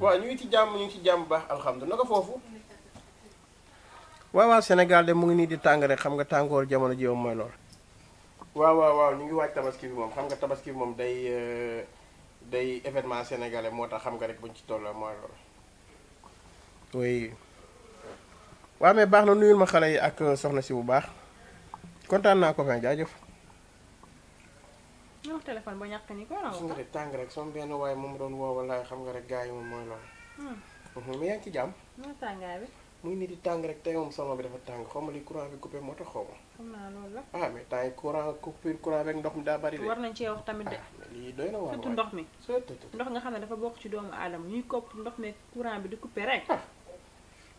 waaw ñu ngi ci jàmm ñu ngi ci jàmm baax alhamdulilah naka foofu. waaw waaw Sénégal de mu ngi nii di tàng rek xam nga tàngoor jamono ji moom mooy lool. waaw waaw waaw ñu ngi waaj tabaski bi moom xam nga tabaski bi moom day euh, day événement sénégalais moo tax xam nga rek buñ ci toll mooy lool. oui. waaw baax na nuyul ma xale yi ak euh, soxna si bu baax kontaan naa ko fi jaajëf. ñu wax téléphone ba ñàkk ni ko raw su nga tàng rek sama waaye moom doon woo walaay xam nga rek gars yi moom mooy loolu hmm. mhm, mais yaa ngi ci di tàng rek tey moom sama bi dafa tàng xaw ma li courant bi coupé moo tax xaw ah, mi daa bari de war nañ cee wax tamit de ah, lii doy ndox mi surtout ndox nga xam ne dafa bokk ci doomu aadama ñuy kopp ndox mi bi di coupé rek ah.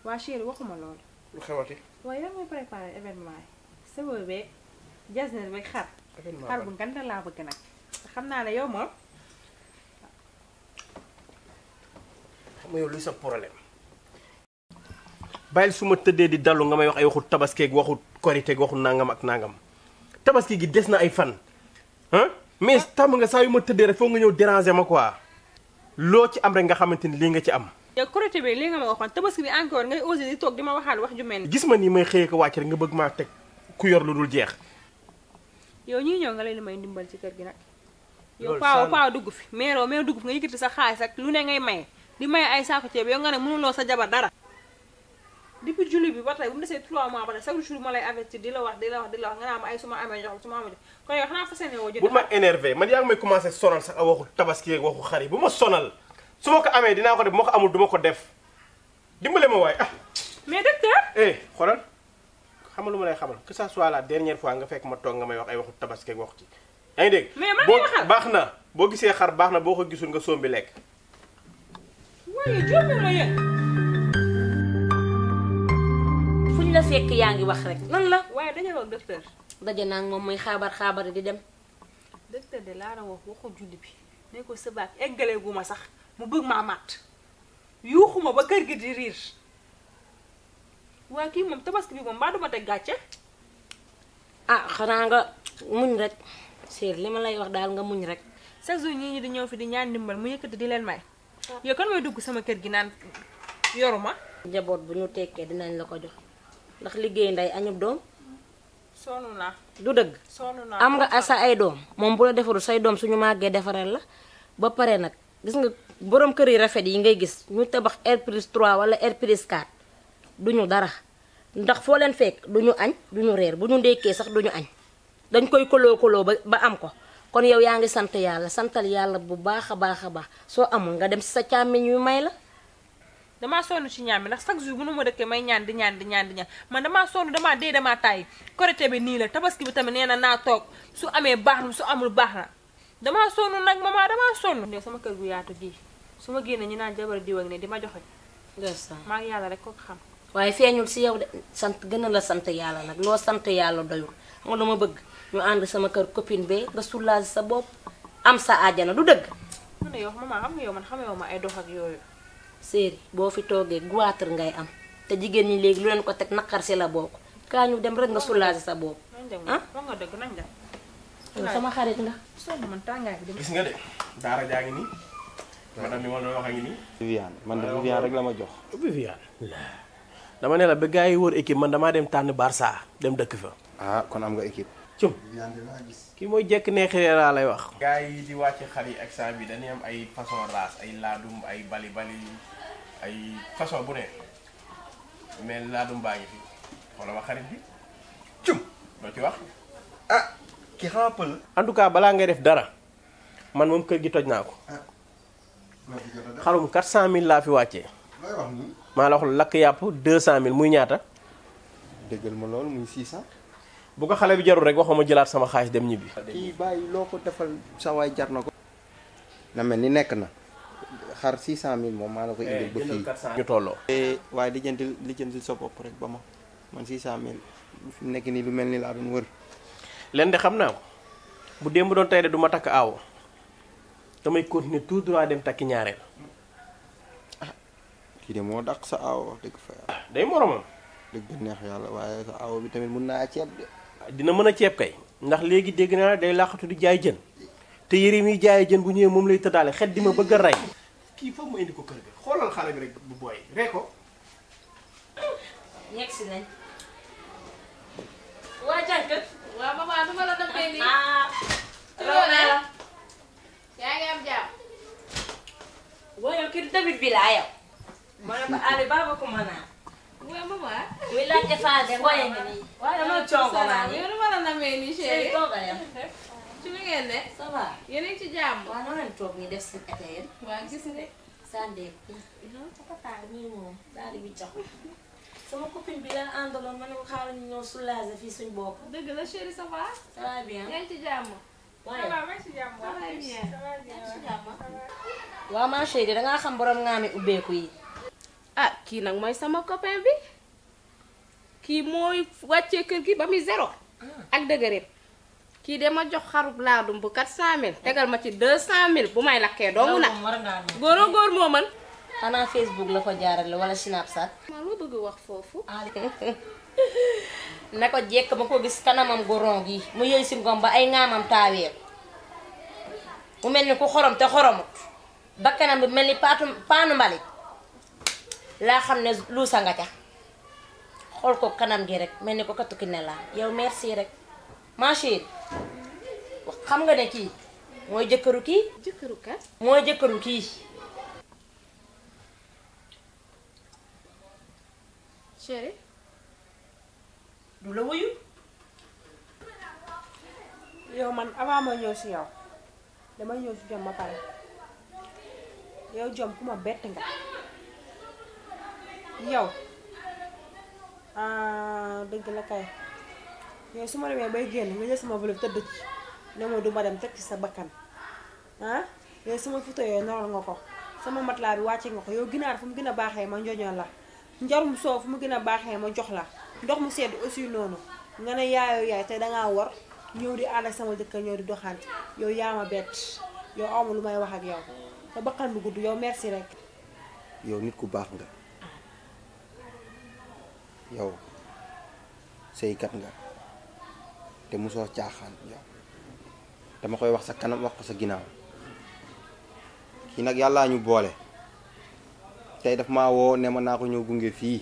waa chéri waxuma loolu lu xewati waaye xar xar bu nganda laa nag xam naa ne yow moom. xam sa problème. bàyyil su ma tëddee di dalu nga may wax ay waxut tabaskeeg waxut koriteeg waxut nangam ak nangam tabaski gi des na ay fan. mais tàmm nga saa yu ma tëddee rek foog nga ñëw déranger ma quoi loo ci am rek nga xamante ni lii nga ci am. yow korité bi lii nga ma waxoon tabaski bi encore ngay osé di toog di ma waxaal wax ju mel. gis ma nii may xëyee ko wàcc rek nga bëgg maa teg ku yor lu dul jeex. yow ñuy ñëw nga leen di may ndimbal ci kër gi nag yow paaw paaw dugg fi meeroo meeroo dugg fi nga yëkkati sa xaalis ak lu ne ngay maye di maye ay saako ceeb yow nga ne mënuloo sa jabar dara depuis julli bi ba tey bu mu desee 3 mois ba tey chaque jour ma lay avertir di la wax di la wax di la ma ay su ma amee jox su ma amee yow xanaa fas yéene woo bu ma énervé man yaa ngi may commencé sonal sax a waxu tabaski ak waxu xar yi bu ma sonal su ma ko amee dinaa ko def moo ko amul duma ko def dimbale ma waaye ah. mais docteur eh xoolal xamal lu ma lay xamal que ça soit la dernière fois nga fekk ma toog nga may wax ay waxu tabaski ak wax ci. yaa dégg boo baax na boo gisee xar baax na boo ko gisul nga sombi lekk. waaye jëmm la yéen. fu ñu la fekk yaa ngi wax rek nan la. waaye daje ak docteur. daje naa moom mooy xaabar xaabar di dem. docteur de laa la wax waxu julli bi ne sëbaat eggalee ma sax mu bëgg maa màtt yuuxuma ba kër gi di riir. waa kii moom tabaski bi moom mbaa duma teg gàcce ah xanaa nga muñ rek séer li lay wax daal nga muñ rek chaque jour ñii ñi di ñëw fi di ñaan ndimbal mu yëkkati di leen may ah. kan mooy dugg sama kër gi naan yoruma njaboot bu ñu tekkee dinañ la ko jox ndax liggéey ndey añub doom sonn naa du dëgg sonn am nga sa ay dom. moom bu la defarul say dom suñu màggee defareel la ba pare nag gis nga borom kër yi rafet yi ngay gis ñu tabax plus 3 wala air plus 4 duñu dara ndax foo leen fekk duñu añ duñu reer bu ñu ndekkee sax duñu añ dañ koy koloo koloo ba ba am ko kon yow yaa ngi sant yàlla santal yàlla bu baax a baax a baax soo amul nga dem si sa càmmiñ yu may la damaa sonn ci ñaan bi ndax chaque jour mënu ma dëkkee may ñaan di ñaan di ñaan di ñaan man damaa sonn damaa dee damaa tàyyi korité bi nii la tabaski bi tamit nee na naa toog su amee baax na su amul baax na damaa sonn nag maman damaa sonn ne sama kër gu yaatu gii su ma génne ñu naan jabar diw ak ne di ma joxe maa yàlla rek ko xam waaye feeñul si yow de sant gën a la sant yàlla nag loo sant yàlla doyul moo ma bëgg ñu ànd sama kër copine be nga soulager sa bopp am sa àjjana du dëgg. ma am yow man xamee ma ay dox ak yooyu. séeri boo fi toogee guwaatar ngay am te jigéen ñi léegi lu leen ko teg naqar si la bokk kaa ñu dem rek nga soulager sa bopp. ah nga dëgg nañ dem. sama xarit nga. gis nga de daara jaa ngi nii. madame bi ma la wax a ngi nii. Viviane man de rek la ma jox. Viviane. dama ne la ba gars yi wër équipe man damaa dem tànn Barça dem dëkk fa. ah kon am nga équipe. cum kii mooy jekk neexee laa lay wax. gars yi di wàcce xar yi ak saa bi dañuy am ay façon race ay laadum ay bali bali ay façon bu ne mais laadum baa ngi fi wala xarit bi cum doo ci wax ah ki xamal. en tout cas balaa ngay def dara man moom kër gi toj naa ko. Ah. xarum 400000 laa fi wàccee. ma la wax lak yap 200000 muy ñaata. dëggal ma loolu muy 600. bu ko xale bi jarul rek waxuma jëlaat sama xaalis dem ñibi ki bayyi loko defal sa way jar na ko. na mel ni na xar 600000 mom ma la ko indi ba eh, fi ñu e way di waaye li lijjantil so bop rek ba ma man 600000 fi mu nekk lu melni la doon wër. len de xamna ko bu démb doon tayde de du ma takk aawo damay continuer tout droit dem tak ñaareel. Dia mau dak daq sa aaw wax mau fa Dek day moromam. dëgg neex yàlla ya, waaye sa aaw bi tamit mun naa ceeb dina kay. ndax day di jaay jën. te yëre mi jaay jën bu ñëwee moom lay xet di bëgg a rey. mu indi ko kër ga xoolal xale bi rek bu booy ree ko. yegg si nañ. waa jànk. waaw maman nu ma la ah, dafay yaa am kër David bi ma ne ko Aliou baba ko mën naa. waaw maman. muy laajte Fadé mooy nga nii. waaw dama coono maa ngi. yow ngeen ne. ça va yéen a ngi ci jàmm. Sande. non papa nii sama copine bi la àndaloon ma ne ko xaaral ñu ñëw soulager fii la chéri ça va. ça va bien yaa ngi ci jàmm. waaye ça va ma yi. ah kii nag mooy sama copain bi kii mooy wàccee kër gi ba muy zéro ah. ak dëgëreem kii de ma jox xarub laadum bu 400000 tegal ma ci 200000 bu may lakkee doomu nag góor a góor xanaa Facebook la ko jaarale wala Snapchat. maa ma bëgg wax foofu. na ko jekk ba ko gis kanamam gu rong yi mu yëy si ngom ba ay ŋaamam taawee mu mel ni ku xorom te xoromut bakkanam bi mel ni paatu paanu mbalit laa xam ne luusa nga ca xool ko kanam gi rek mel ni ko kattu ne laa yow merci rek ma xam nga ne kii mooy jëkkëru kii. jëkkëru mooy jëkkëru kii. chérie. du la wuyu. yow man avant ma ñëw si yow dama ñëw si jom ma pare yow jom ku ma bett nga. yow ah dëgg la kay yow su ma demee bay génn nga jël sama volet tëdd ci ne ma du ma dem teg ci sa bakkan ah yow sama futa yooyu noral nga ko sama matelas bi wàcce nga ko yow ginaar fu mu gën a baaxee ma njoñoon la njarum soow fu mu gën a baaxee ma jox la ndox mu sedd aussi noonu nga ne yaayoo yaay te dangaa war ñëw di ànd sama jëkkër ñëw di doxante yow yaa ma bett yow awma lu may wax ak yow te bakkan bu gudd yow merci rek yow nit ku baax nga yow sëykat nga te mosoo caaxaan yow dama koy wax sa kanam wax ko sa ginnaaw kii nag yàllaa ñu boole tey daf ma woo ne ma naa ko ñëw gunge fii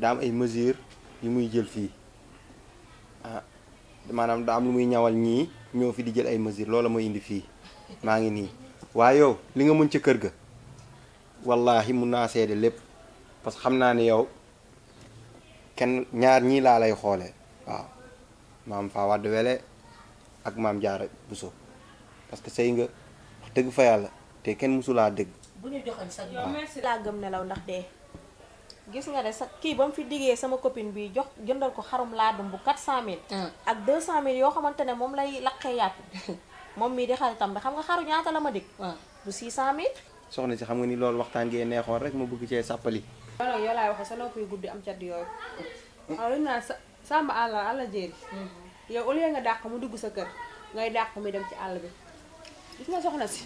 daa am ay mesures yu muy jël fii ah maanaam daa am lu muy ñawal ñii ñëw fi di jël ay mesures loola ma indi fii maa ngi nii waaye yow li nga mën ca kër ga wallaahi mun naa seede lépp parce que xam naa ne yow kenn ñaar ñii laa lay xoolee waaw maam Faa Wade ak maam Jaara Buso parce que sëy nga wax dëgg fa yàlla te kenn mësulaa dëgg bu ñu joxoon sax yow merci laa gëm nelaw ndax dee. gis nga ne sa kii ba mu fi diggee sama copine bi jox jëndal ko xarum laadum bu 400000. Mm. ak 200000 yoo xamante ne moom lay laqee yàpp moom mii di xaritam bi xam nga xaru ñaata la ma dig. bu mm. 600000. soxna ci xam nga ni lool waxtaan gee neexoon rek mo bëgg ci sappali loolu yow lay waxee sa loo koy guddi am cat yooyu. waaw dañu naan sàmba ala àll jéeri. yow au nga dakk mu dugg sa kër ngay dakk mi dem ci àll bi gis nga soxna ci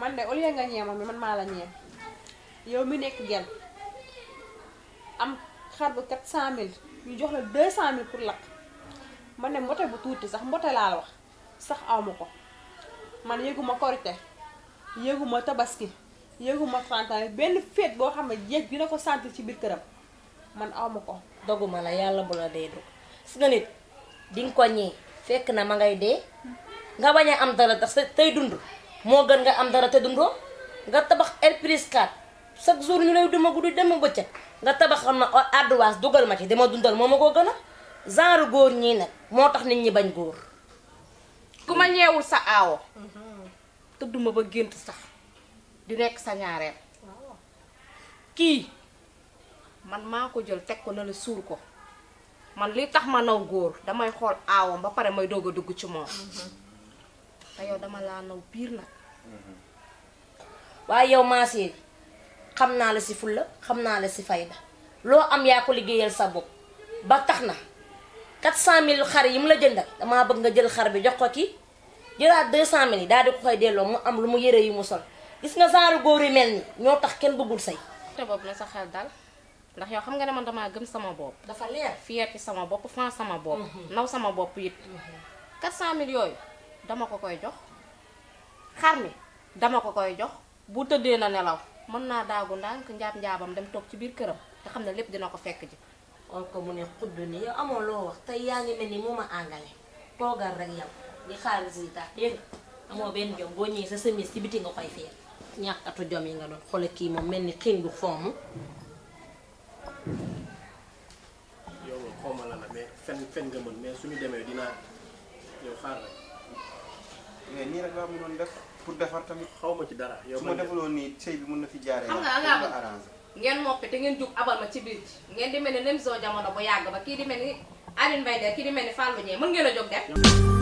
man de au lieu nga ñeema mi man maa la ñeem yow mi nekk gel am xar bu 400000 ñu jox la 200000 pour lak man ne mbote bu tuuti sax mbote laa la wax sax aw man yeguma korité yëguma tabaski yëguma trente benn fête boo xam ne jeeg dina ko sentir ci biir këram man awma ko doguma la yàlla bu la dee dog gis nga nit di ko ñee fekk na ma ngay dee nga bañ a am dara te tey dund moo gën nga am dara te dundoo nga tabax R+4 chaque jour ñu lay duma guddi dem bëccëg nga tabaxal ma adduwaas dugal ma ci dama dundal moo ma ko gën a genre góor ñii nag moo tax nit ñi bañ góor ku ma ñeewul sa aawo mm-hmm. tëdduma ba gént sax di nekk sa ñaareel kii man maa ko jël teg ko na la suur ko man li tax ma naw góor damay xool aawam ba pare may doog a dugg ci moom mm-hmm. te yow dama laa naw biir nag mm-hmm. waaye yow maasee xam naa la si fulla xam naa la si fay fayda loo am yaa ko liggéeyal sa bopp ba tax na 400000 xar yi mu la jënd damaa bëgg nga jël xar bi jox ko ki jëlaat 200000 yi daal di ko koy delloo mu am lu mu yére yu mu sol gis nga genre góor yu mel ni ñoo tax kenn bëggul say. te boobu na sa xel dal ndax yow xam nga damaa gëm sama bopp. dafa leer fierté sama bopp fan sama bopp. Mhm. naw sama bopp it. 400000 mhm. yooyu dama ko koy jox xar mi dama ko koy jox bu tëddee na nelaw mën naa daagu ndànk njaab njaabam dem toog ci biir këram te xam ne lépp dina ko fekk ji. on ko mu ne xudd ni yow amoo loo wax tey yaa ngi mel ni mu ma àngale toogal rek yow. di xaar résultat dégg nga amoo benn jom boo ñëwee sa semise ci biti nga koy fee ñàkkatu jom yi nga doon xoole kii moom mel ni xiin bu fomm. yow xaw ma la la mais fen nga mën mais suñu demee dinaa yow xaar rek. mais nii rek def pour defar tamit xaw ma ci dara. yow su ma defuloon nii sëy bi mun na fi jaaree. xam nga ngeen moppi te ngeen jug abal ma ci biir ngeen di mel ni soo jamono bu yàgg ba kii di mel ni Aline Mbaye de kii di mel ni Fallou Ndiaye ngeen a jóg def.